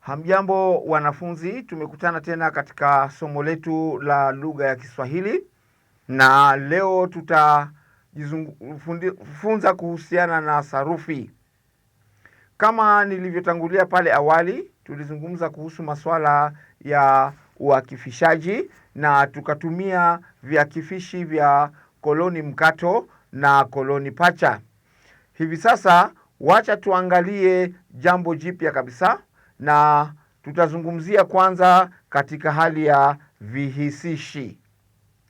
Hamjambo wanafunzi, tumekutana tena katika somo letu la lugha ya Kiswahili na leo tutajifunza kuhusiana na sarufi. Kama nilivyotangulia pale awali, tulizungumza kuhusu masuala ya uakifishaji na tukatumia viakifishi vya koloni mkato na koloni pacha. Hivi sasa Wacha tuangalie jambo jipya kabisa, na tutazungumzia kwanza katika hali ya vihisishi,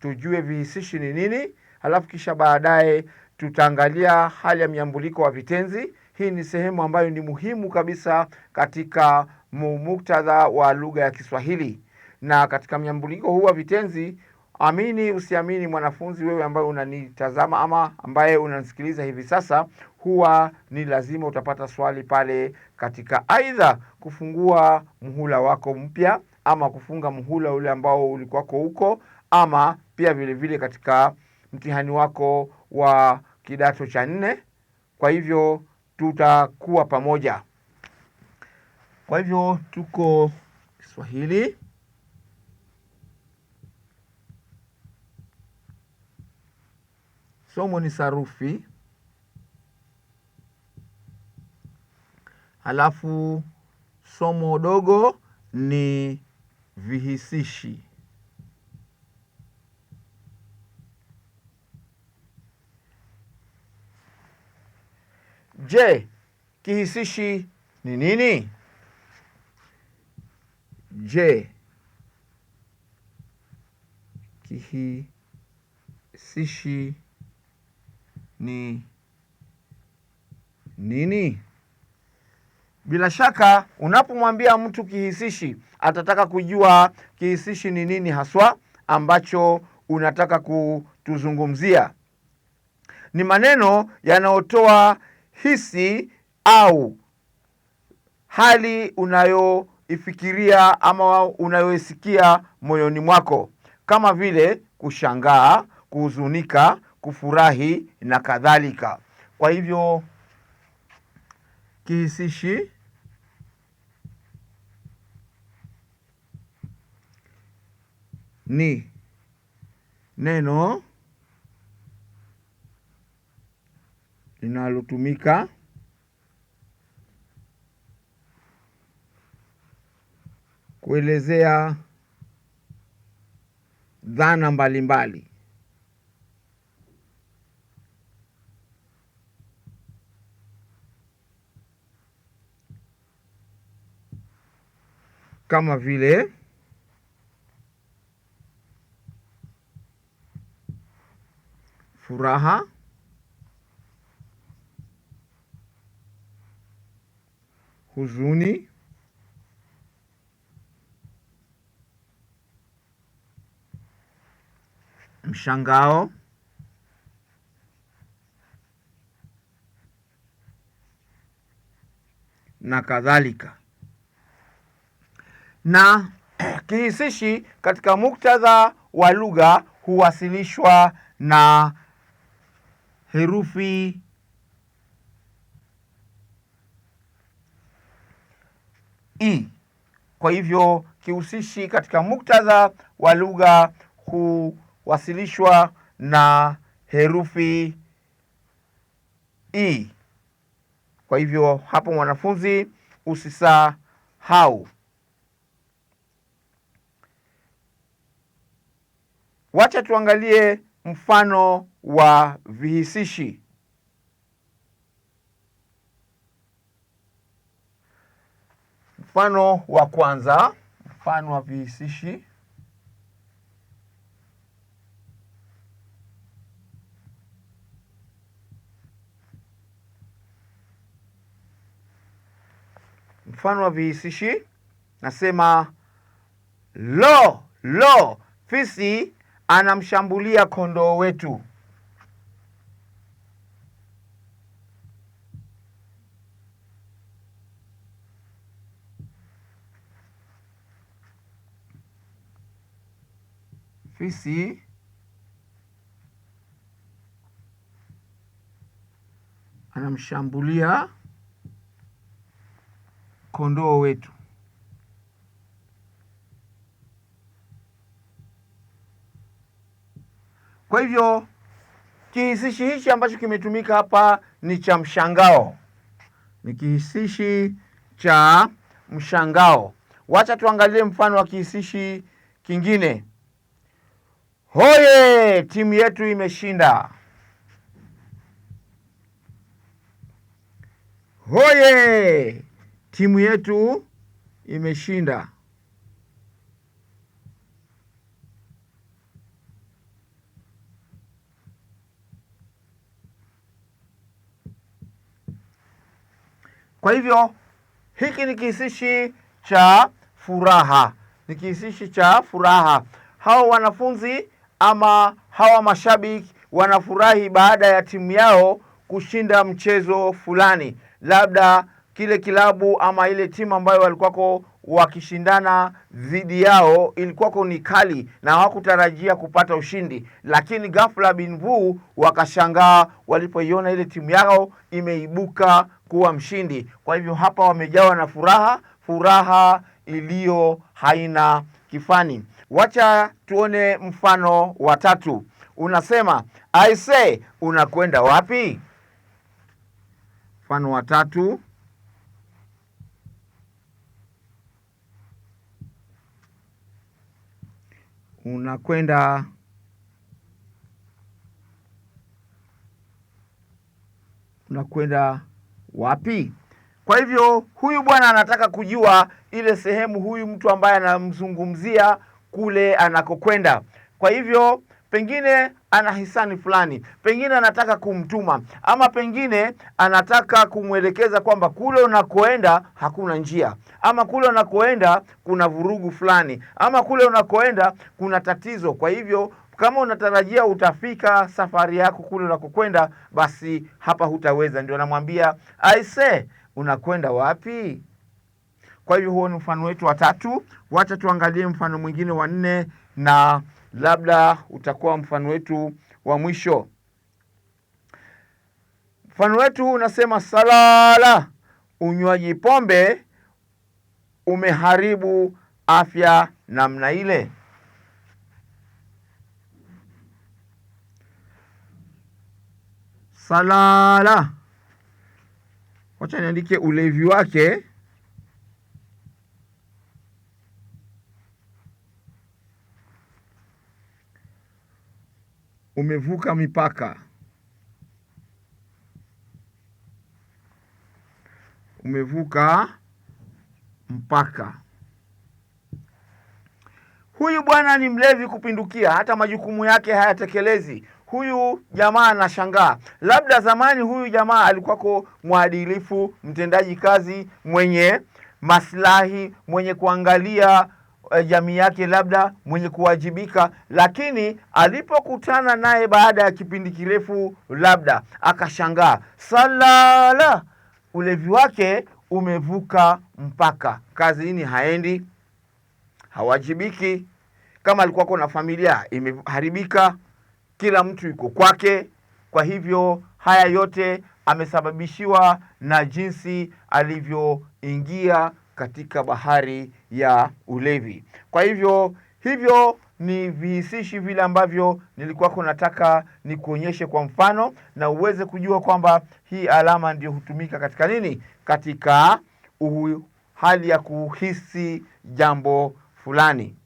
tujue vihisishi ni nini, halafu kisha baadaye tutaangalia hali ya miambuliko wa vitenzi. Hii ni sehemu ambayo ni muhimu kabisa katika muktadha wa lugha ya Kiswahili na katika miambuliko huu wa vitenzi. Amini usiamini, mwanafunzi wewe ambaye unanitazama ama ambaye unanisikiliza hivi sasa, huwa ni lazima utapata swali pale katika aidha kufungua mhula wako mpya ama kufunga mhula ule ambao ulikuwako huko ama pia vile vile katika mtihani wako wa kidato cha nne. Kwa hivyo tutakuwa pamoja. Kwa hivyo tuko Kiswahili somo ni sarufi. Halafu somo dogo ni vihisishi. Je, kihisishi ni nini? Je, kihisishi ni nini? Bila shaka unapomwambia mtu kihisishi, atataka kujua kihisishi ni nini haswa ambacho unataka kutuzungumzia. Ni maneno yanayotoa hisi au hali unayoifikiria ama unayoisikia moyoni mwako, kama vile kushangaa, kuhuzunika, kufurahi na kadhalika. Kwa hivyo Kihisishi ni neno linalotumika kuelezea dhana mbalimbali. kama vile furaha, huzuni, mshangao, na kadhalika na kihisishi katika muktadha wa lugha huwasilishwa na herufi i. Kwa hivyo kihusishi katika muktadha wa lugha huwasilishwa na herufi i. Kwa hivyo hapo, mwanafunzi, usisahau. Wacha tuangalie mfano wa vihisishi. Mfano wa kwanza, mfano wa vihisishi. Mfano wa vihisishi nasema lo, lo, fisi anamshambulia kondoo wetu. Fisi anamshambulia kondoo wetu. Kwa hivyo kihisishi hichi ambacho kimetumika hapa ni cha mshangao, ni kihisishi cha mshangao. Wacha tuangalie mfano wa kihisishi kingine. Hoye, timu yetu imeshinda! Hoye, timu yetu imeshinda! Kwa hivyo hiki ni kihisishi cha furaha, ni kihisishi cha furaha. Hawa wanafunzi ama hawa mashabiki wanafurahi baada ya timu yao kushinda mchezo fulani, labda kile kilabu ama ile timu ambayo walikuwako wakishindana dhidi yao ilikuwako ni kali na hawakutarajia kupata ushindi, lakini ghafla binvu wakashangaa walipoiona ile timu yao imeibuka kuwa mshindi. Kwa hivyo hapa wamejawa na furaha, furaha iliyo haina kifani. Wacha tuone mfano wa tatu. Unasema I say, unakwenda wapi? Mfano wa tatu. Unakwenda unakwenda wapi? Kwa hivyo huyu bwana anataka kujua ile sehemu huyu mtu ambaye anamzungumzia kule anakokwenda. Kwa hivyo pengine ana hisani fulani, pengine anataka kumtuma, ama pengine anataka kumwelekeza kwamba kule unakoenda hakuna njia, ama kule unakoenda kuna vurugu fulani, ama kule unakoenda kuna tatizo. Kwa hivyo kama unatarajia utafika safari yako kule unakokwenda, basi hapa hutaweza. Ndio anamwambia aise, unakwenda wapi? Kwa hivyo huo ni mfano wetu wa tatu. Wacha tuangalie mfano mwingine wa nne, na labda utakuwa mfano wetu wa mwisho. Mfano wetu unasema salala, unywaji pombe umeharibu afya namna ile. salala. Wacha niandike ulevi wake umevuka mipaka, umevuka mpaka. Huyu bwana ni mlevi kupindukia, hata majukumu yake hayatekelezi huyu jamaa anashangaa, labda zamani huyu jamaa alikuwako mwadilifu, mtendaji kazi, mwenye maslahi, mwenye kuangalia eh, jamii yake, labda mwenye kuwajibika, lakini alipokutana naye baada ya kipindi kirefu, labda akashangaa, salala, ulevi wake umevuka mpaka, kazini haendi, hawajibiki, kama alikuwako na familia imeharibika kila mtu yuko kwake. Kwa hivyo haya yote amesababishiwa na jinsi alivyoingia katika bahari ya ulevi. Kwa hivyo hivyo ni vihisishi vile ambavyo nilikuwa nataka nikuonyeshe kwa mfano, na uweze kujua kwamba hii alama ndiyo hutumika katika nini, katika uhu, hali ya kuhisi jambo fulani.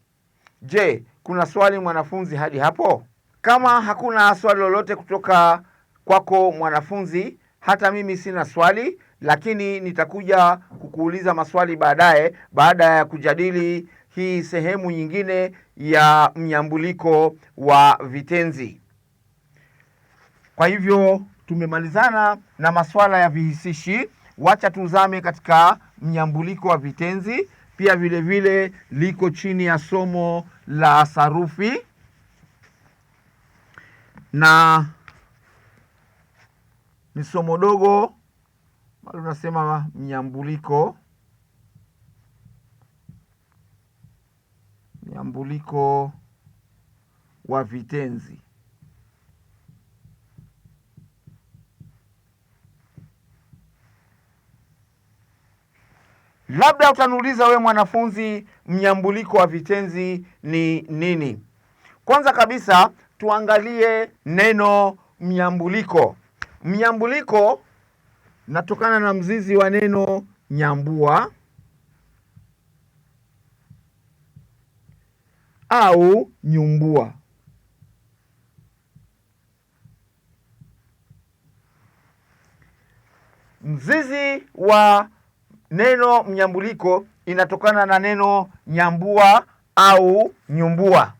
Je, kuna swali mwanafunzi hadi hapo? Kama hakuna swali lolote kutoka kwako mwanafunzi, hata mimi sina swali, lakini nitakuja kukuuliza maswali baadaye, baada ya kujadili hii sehemu nyingine ya mnyambuliko wa vitenzi. Kwa hivyo tumemalizana na masuala ya vihisishi. Wacha tuzame katika mnyambuliko wa vitenzi, pia vile vile liko chini ya somo la sarufi na ni somo dogo bado tunasema mnyambuliko mnyambuliko wa vitenzi labda utaniuliza wewe mwanafunzi mnyambuliko wa vitenzi ni nini kwanza kabisa tuangalie neno mnyambuliko. Mnyambuliko natokana na mzizi wa neno nyambua au nyumbua. Mzizi wa neno mnyambuliko inatokana na neno nyambua au nyumbua.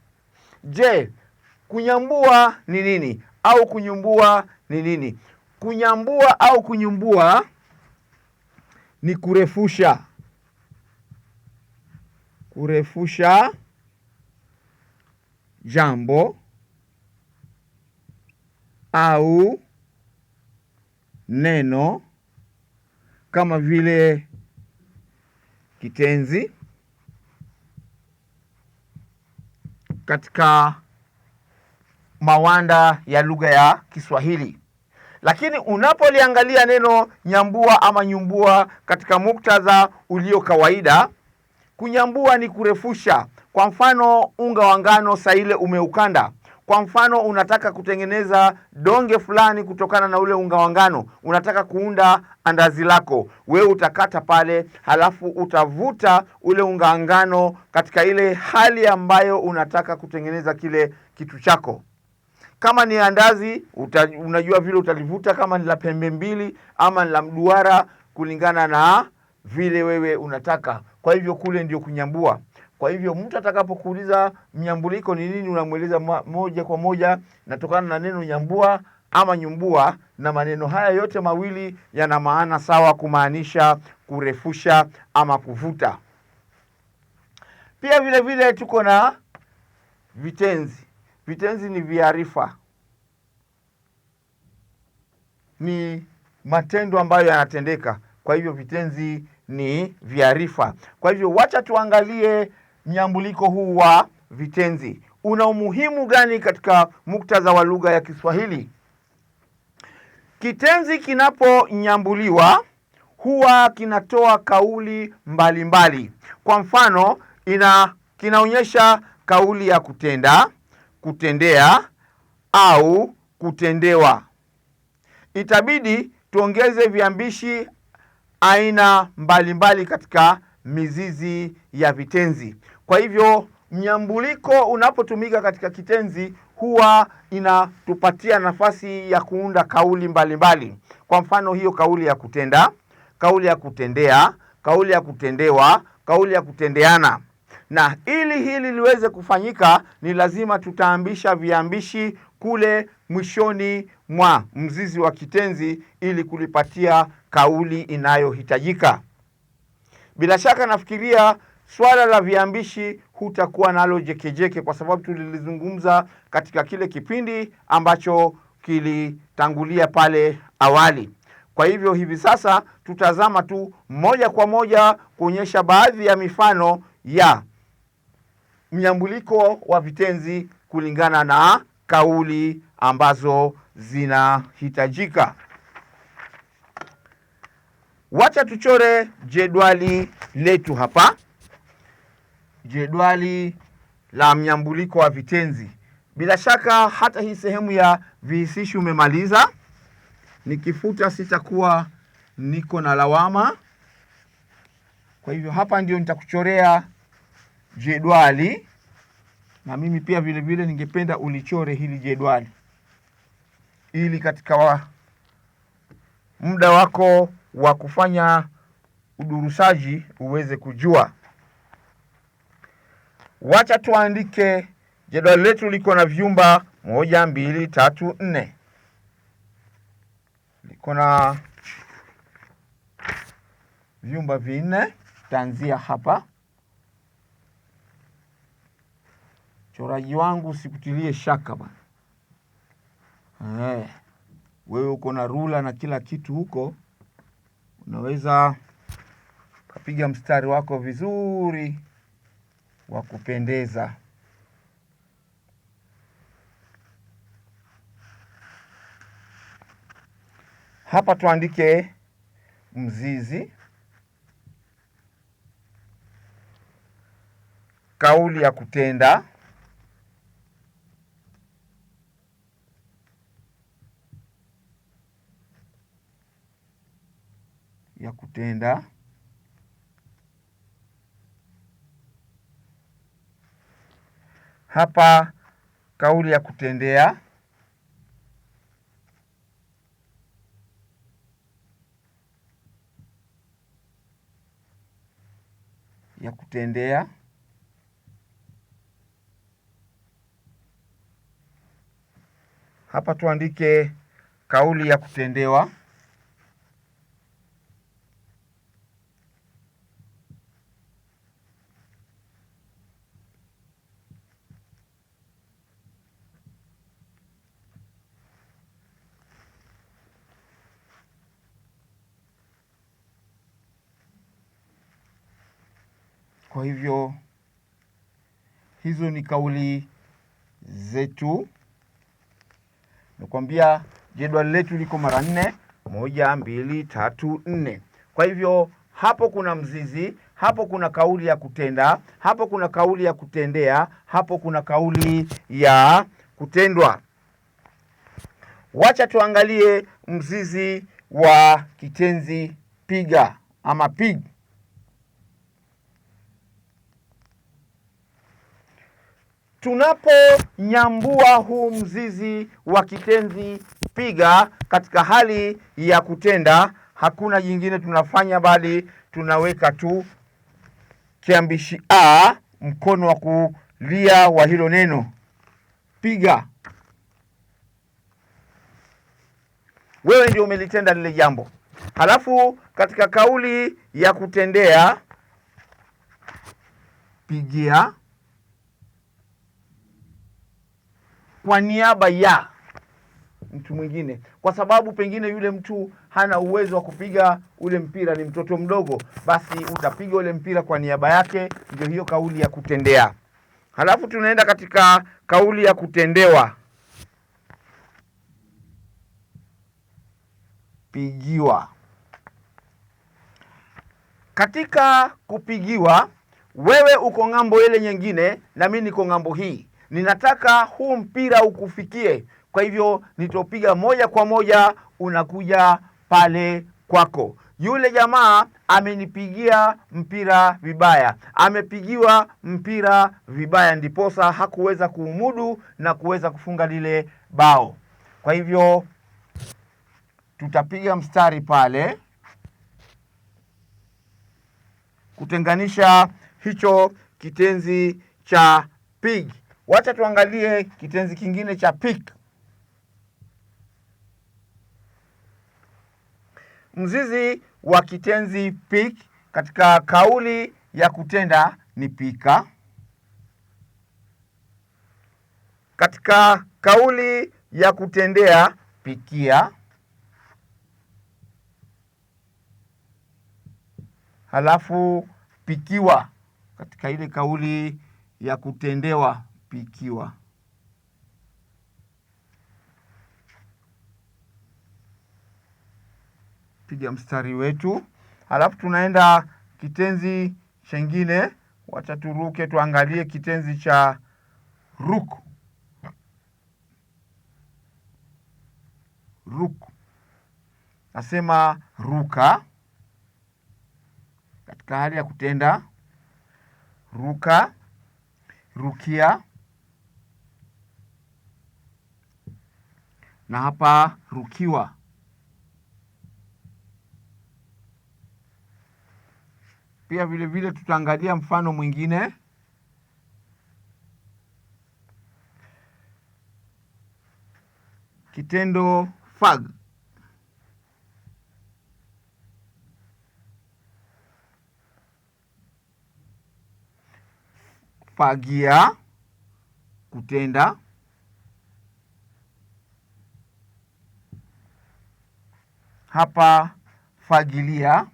Je, Kunyambua ni nini? Au kunyumbua ni nini? Kunyambua au kunyumbua ni kurefusha, kurefusha jambo au neno, kama vile kitenzi katika mawanda ya lugha ya Kiswahili. Lakini unapoliangalia neno nyambua ama nyumbua katika muktadha ulio kawaida, kunyambua ni kurefusha. Kwa mfano, unga wa ngano saa ile umeukanda. Kwa mfano, unataka kutengeneza donge fulani kutokana na ule unga wa ngano, unataka kuunda andazi lako. Wewe utakata pale, halafu utavuta ule unga wa ngano katika ile hali ambayo unataka kutengeneza kile kitu chako. Kama ni andazi uta, unajua vile utalivuta, kama ni la pembe mbili ama ni la mduara, kulingana na vile wewe unataka. Kwa hivyo kule ndio kunyambua. Kwa hivyo mtu atakapokuuliza mnyambuliko ni nini, unamweleza moja kwa moja natokana na neno nyambua ama nyumbua, na maneno haya yote mawili yana maana sawa, kumaanisha kurefusha ama kuvuta. Pia vile vile tuko na vitenzi. Vitenzi ni viarifa, ni matendo ambayo yanatendeka. Kwa hivyo vitenzi ni viarifa. Kwa hivyo wacha tuangalie mnyambuliko huu wa vitenzi una umuhimu gani katika muktadha wa lugha ya Kiswahili. Kitenzi kinaponyambuliwa huwa kinatoa kauli mbalimbali mbali. Kwa mfano ina kinaonyesha kauli ya kutenda, kutendea au kutendewa. Itabidi tuongeze viambishi aina mbalimbali mbali katika mizizi ya vitenzi. Kwa hivyo mnyambuliko unapotumika katika kitenzi huwa inatupatia nafasi ya kuunda kauli mbalimbali mbali. Kwa mfano hiyo kauli ya kutenda, kauli ya kutendea, kauli ya kutendewa, kauli ya kutendeana na ili hili liweze kufanyika ni lazima tutaambisha viambishi kule mwishoni mwa mzizi wa kitenzi ili kulipatia kauli inayohitajika. Bila shaka nafikiria swala la viambishi hutakuwa nalo jekejeke, kwa sababu tulilizungumza katika kile kipindi ambacho kilitangulia pale awali. Kwa hivyo hivi sasa tutazama tu moja kwa moja kuonyesha baadhi ya mifano ya mnyambuliko wa vitenzi kulingana na kauli ambazo zinahitajika. Wacha tuchore jedwali letu hapa, jedwali la mnyambuliko wa vitenzi. Bila shaka hata hii sehemu ya vihisishi umemaliza. Nikifuta sitakuwa niko na lawama. Kwa hivyo hapa ndio nitakuchorea jedwali, na mimi pia vile vile ningependa ulichore hili jedwali, ili katika wa, muda wako wa kufanya udurusaji uweze kujua. Wacha tuandike jedwali letu liko na vyumba moja, mbili, tatu, nne, liko na vyumba vinne. tanzia hapa uchoraji wangu sikutilie shaka bwana. Eh, wewe uko na rula na kila kitu huko, unaweza ukapiga mstari wako vizuri wa kupendeza. Hapa tuandike mzizi. Kauli ya kutenda ya kutenda hapa kauli ya kutendea ya kutendea hapa tuandike kauli ya kutendewa. Kwa hivyo hizo ni kauli zetu. Nakwambia jedwali letu liko mara nne: moja, mbili, tatu, nne. Kwa hivyo hapo kuna mzizi, hapo kuna kauli ya kutenda, hapo kuna kauli ya kutendea, hapo kuna kauli ya kutendwa. Wacha tuangalie mzizi wa kitenzi piga ama pig. tunaponyambua huu mzizi wa kitenzi piga katika hali ya kutenda, hakuna jingine tunafanya bali tunaweka tu kiambishi a mkono wa kulia wa hilo neno piga. Wewe ndio umelitenda lile jambo. Halafu katika kauli ya kutendea pigia kwa niaba ya mtu mwingine, kwa sababu pengine yule mtu hana uwezo wa kupiga ule mpira, ni mtoto mdogo, basi utapiga ule mpira kwa niaba yake. Ndio hiyo kauli ya kutendea. Halafu tunaenda katika kauli ya kutendewa, pigiwa. Katika kupigiwa, wewe uko ng'ambo ile nyingine na mimi niko ng'ambo hii ninataka huu mpira ukufikie, kwa hivyo nitopiga moja kwa moja, unakuja pale kwako. Yule jamaa amenipigia mpira vibaya, amepigiwa mpira vibaya, ndiposa hakuweza kuumudu na kuweza kufunga lile bao. Kwa hivyo tutapiga mstari pale kutenganisha hicho kitenzi cha pig Wacha tuangalie kitenzi kingine cha pick. Mzizi wa kitenzi pick katika kauli ya kutenda ni pika. Katika kauli ya kutendea pikia. Halafu pikiwa katika ile kauli ya kutendewa kupikiwa. Piga mstari wetu, halafu tunaenda kitenzi chengine. Wacha turuke tuangalie kitenzi cha ruk ruk. nasema ruka katika hali ya kutenda, ruka, rukia na hapa Rukiwa. Pia vile vile tutaangalia mfano mwingine kitendo fag fagia kutenda hapa fagilia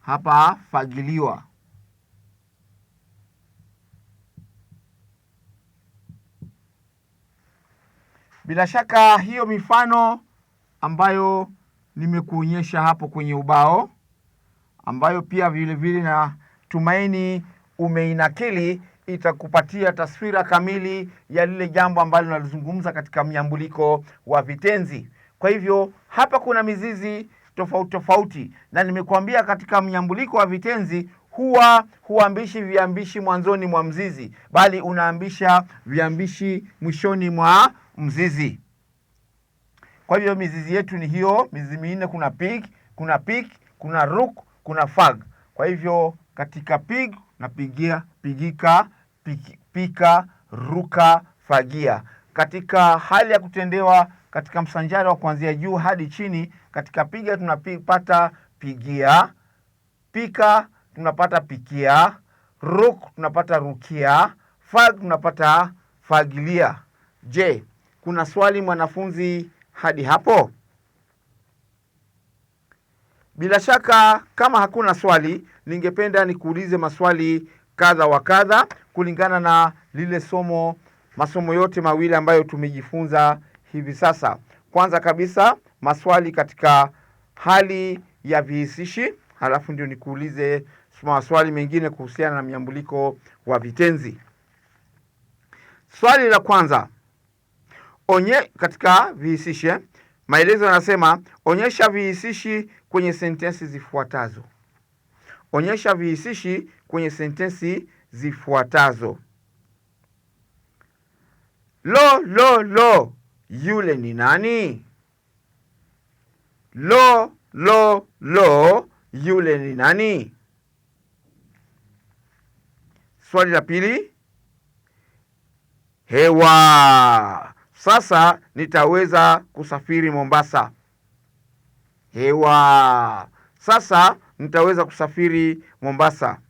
hapa fagiliwa bila shaka hiyo mifano ambayo nimekuonyesha hapo kwenye ubao ambayo pia vile vile na tumaini umeinakili itakupatia taswira kamili ya lile jambo ambalo nalizungumza katika mnyambuliko wa vitenzi. Kwa hivyo hapa kuna mizizi tofauti tofauti, na nimekuambia katika mnyambuliko wa vitenzi huwa huambishi viambishi mwanzoni mwa mzizi, bali unaambisha viambishi mwishoni mwa mzizi. Kwa hivyo mizizi yetu ni hiyo mizizi minne, kuna pig, kuna pik, kuna ruk, kuna fag. Kwa hivyo katika pig napigia pigika pika, ruka, fagia. Katika hali ya kutendewa katika msanjari wa kuanzia juu hadi chini, katika piga tunapata pigia, pika tunapata pikia, ruk tunapata rukia, fag tunapata fagilia. Je, kuna swali mwanafunzi hadi hapo? Bila shaka kama hakuna swali, ningependa nikuulize maswali kadha wa kadha kulingana na lile somo, masomo yote mawili ambayo tumejifunza hivi sasa. Kwanza kabisa maswali katika hali ya vihisishi, halafu ndio nikuulize maswali mengine kuhusiana na miambuliko wa vitenzi. Swali la kwanza onye, katika vihisishi, maelezo yanasema onyesha vihisishi kwenye sentensi zifuatazo. Onyesha vihisishi kwenye sentensi zifuatazo: lo lo lo, yule ni nani? Lo lo lo, yule ni nani? Swali la pili, hewa. Sasa nitaweza kusafiri Mombasa. Hewa. Sasa nitaweza kusafiri Mombasa.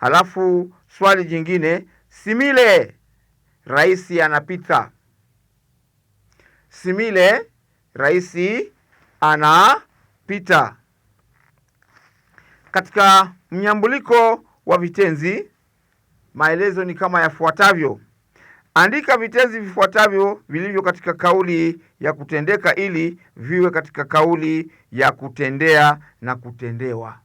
Halafu swali jingine, Simile rais anapita. Simile rais anapita. Katika mnyambuliko wa vitenzi maelezo ni kama yafuatavyo: andika vitenzi vifuatavyo vilivyo katika kauli ya kutendeka ili viwe katika kauli ya kutendea na kutendewa.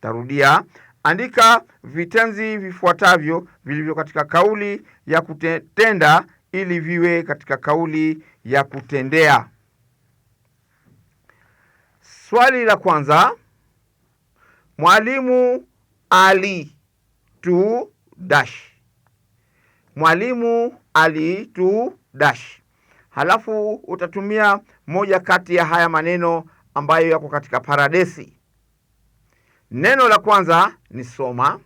Tarudia, Andika vitenzi vifuatavyo vilivyo katika kauli ya kutenda ili viwe katika kauli ya kutendea. Swali la kwanza: Mwalimu ali tu dash. Mwalimu ali tu dash. Halafu utatumia moja kati ya haya maneno ambayo yako katika paradesi. Neno la kwanza ni soma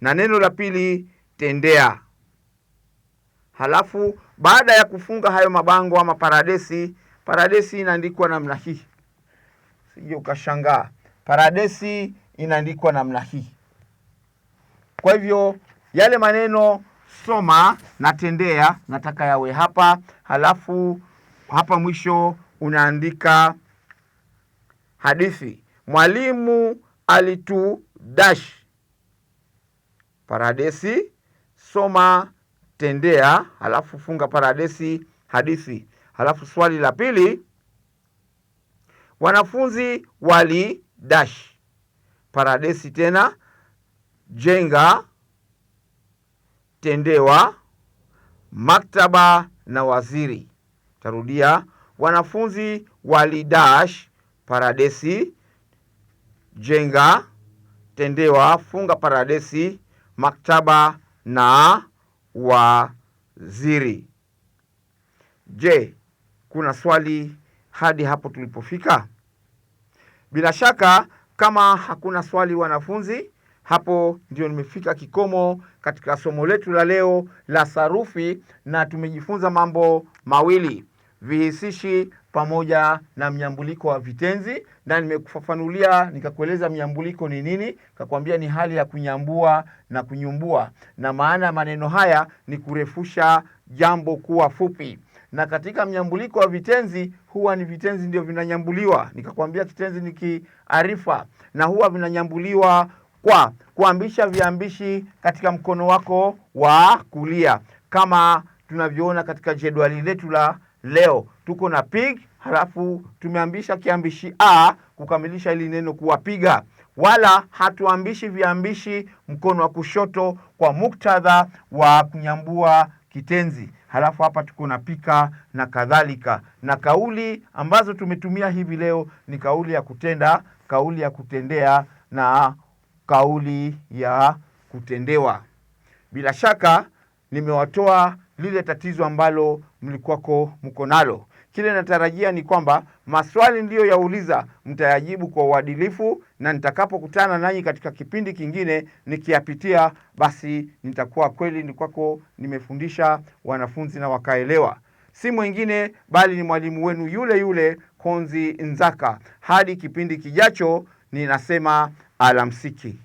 na neno la pili tendea. Halafu baada ya kufunga hayo mabango ama paradesi, paradesi inaandikwa namna hii, sije ukashangaa. Paradesi inaandikwa namna hii. Kwa hivyo yale maneno soma na tendea nataka yawe hapa, halafu hapa mwisho unaandika hadithi mwalimu alitu dash paradesi soma tendea, halafu funga paradesi hadithi. Halafu swali la pili, wanafunzi wali dash paradesi tena jenga tendewa maktaba na waziri. Tarudia, wanafunzi wali dash paradesi jenga, tendewa, funga paradesi, maktaba na waziri. Je, kuna swali hadi hapo tulipofika? Bila shaka kama hakuna swali, wanafunzi, hapo ndio nimefika kikomo katika somo letu la leo la sarufi, na tumejifunza mambo mawili: vihisishi pamoja na mnyambuliko wa vitenzi, na nimekufafanulia nikakueleza mnyambuliko ni nini, kakwambia ni hali ya kunyambua na kunyumbua, na maana ya maneno haya ni kurefusha jambo kuwa fupi. Na katika mnyambuliko wa vitenzi huwa ni vitenzi ndio vinanyambuliwa, nikakwambia kitenzi ni kiarifa, na huwa vinanyambuliwa kwa kuambisha viambishi katika mkono wako wa kulia kama tunavyoona katika jedwali letu la leo tuko na pig, halafu tumeambisha kiambishi a kukamilisha hili neno kuwapiga wala hatuambishi viambishi mkono wa kushoto kwa muktadha wa kunyambua kitenzi. Halafu hapa tuko na pika na kadhalika, na kauli ambazo tumetumia hivi leo ni kauli ya kutenda, kauli ya kutendea na kauli ya kutendewa. Bila shaka nimewatoa lile tatizo ambalo mlikuwako mko nalo. Kile natarajia ni kwamba maswali niliyoyauliza mtayajibu kwa uadilifu, na nitakapokutana nanyi katika kipindi kingine nikiyapitia, basi nitakuwa kweli ni kwako nimefundisha wanafunzi na wakaelewa. Si mwingine bali ni mwalimu wenu yule yule Konzi Nzaka. Hadi kipindi kijacho, ninasema alamsiki.